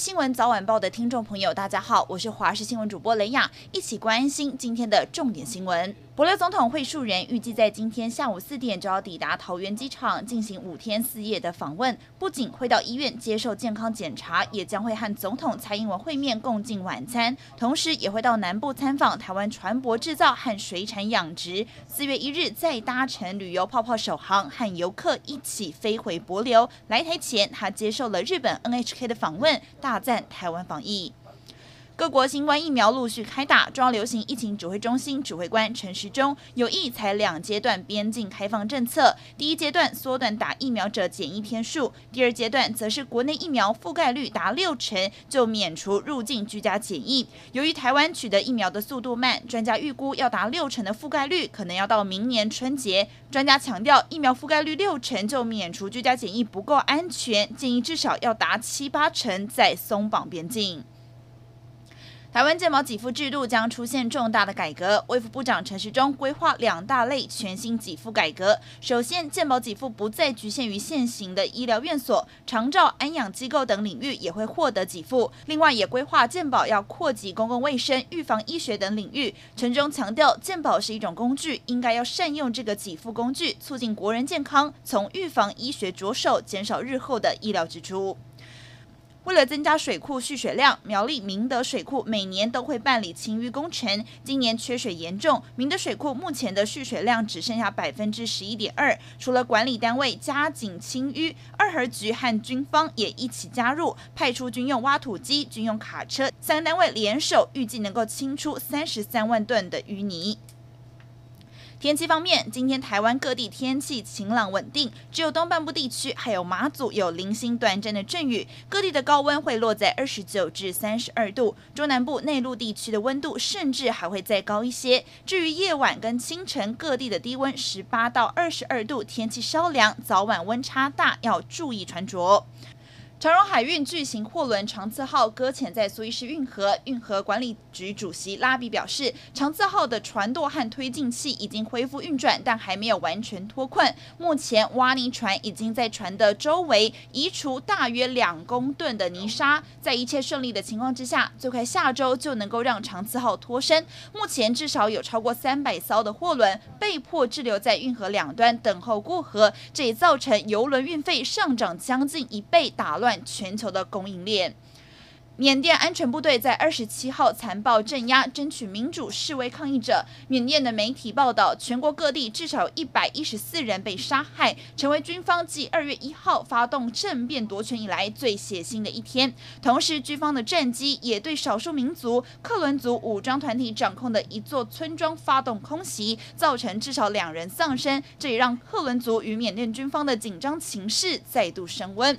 新聞早晚報的聽眾朋友，大家好，我是華視新聞主播雷雅，一起關心今天的重點新聞。帛琉總統惠恕仁預計在今天下午四點就要抵達桃園機場，進行五天四夜的訪問。不僅會到醫院接受健康檢查，也將會和總統蔡英文會面共進晚餐，同時也會到南部參訪台灣船舶製造和水產養殖。四月一日再搭乘旅遊泡泡首航，和遊客一起飛回帛琉。來台前，他接受了日本 NHK 的訪問，大讚台灣防疫。各國新冠疫苗陸續開打，中央流行疫情指揮中心指揮官陳時中有意採兩階段邊境開放政策。第一階段縮短打疫苗者檢疫天數，第二階段則是國內疫苗覆蓋率達六成就免除入境居家檢疫。由於台灣取得疫苗的速度慢，專家預估要達六成的覆蓋率，可能要到明年春節。專家強調，疫苗覆蓋率六成就免除居家檢疫不夠安全，建議至少要達七八成再鬆綁邊境。台灣健保給付制度將出現重大的改革，衛福部長陳時中規劃兩大類全新給付改革。首先，健保給付不再局限於現行的醫療院所、長照、安養機構等領域，也會獲得給付。另外，也規劃健保要擴及公共衛生、預防醫學等領域。陳時中強調，健保是一種工具，應該要善用這個給付工具，促進國人健康，從預防醫學着手，減少日後的醫療支出。為了增加水庫蓄水量，苗栗明德水庫每年都會辦理清淤工程。今年缺水嚴重，明德水庫目前的蓄水量只剩下百分之十一點二。除了管理單位加緊清淤，二河局和軍方也一起加入，派出軍用挖土機、軍用卡車，三個單位聯手，預計能夠清出三十三萬噸的淤泥。天氣方面，今天台灣各地天氣晴朗穩定，只有東半部地區還有馬祖有零星短暫的陣雨。各地的高溫會落在二十九至三十二度，中南部內陸地區的溫度甚至還會再高一些。至於夜晚跟清晨各地的低溫十八到二十二度，天氣稍涼，早晚溫差大，要注意穿着。長榮海運巨型貨輪長賜號擱淺在蘇伊士運河，運河管理局主席拉比表示，長賜號的船舵和推進器已經恢復運轉，但還沒有完全脫困。目前，挖泥船已經在船的周圍移除大約兩公噸的泥沙。在一切順利的情況之下，最快下周就能夠讓長賜號脫身。目前，至少有超過三百艘的貨輪被迫滯留在運河兩端等候過河，這也造成油輪運費上漲將近一倍打，打亂。全球的供應鏈。緬甸安全部隊在二十七號殘暴鎮壓爭取民主示威抗議者。緬甸的媒體報道，全國各地至少一百一十四人被殺害，成為軍方繼二月一號發動政變奪權以來最血腥的一天。同時，軍方的戰機也對少數民族克倫族武裝團體掌控的一座村莊發動空襲，造成至少兩人喪生。這也讓克倫族與緬甸軍方的緊張情勢再度升溫。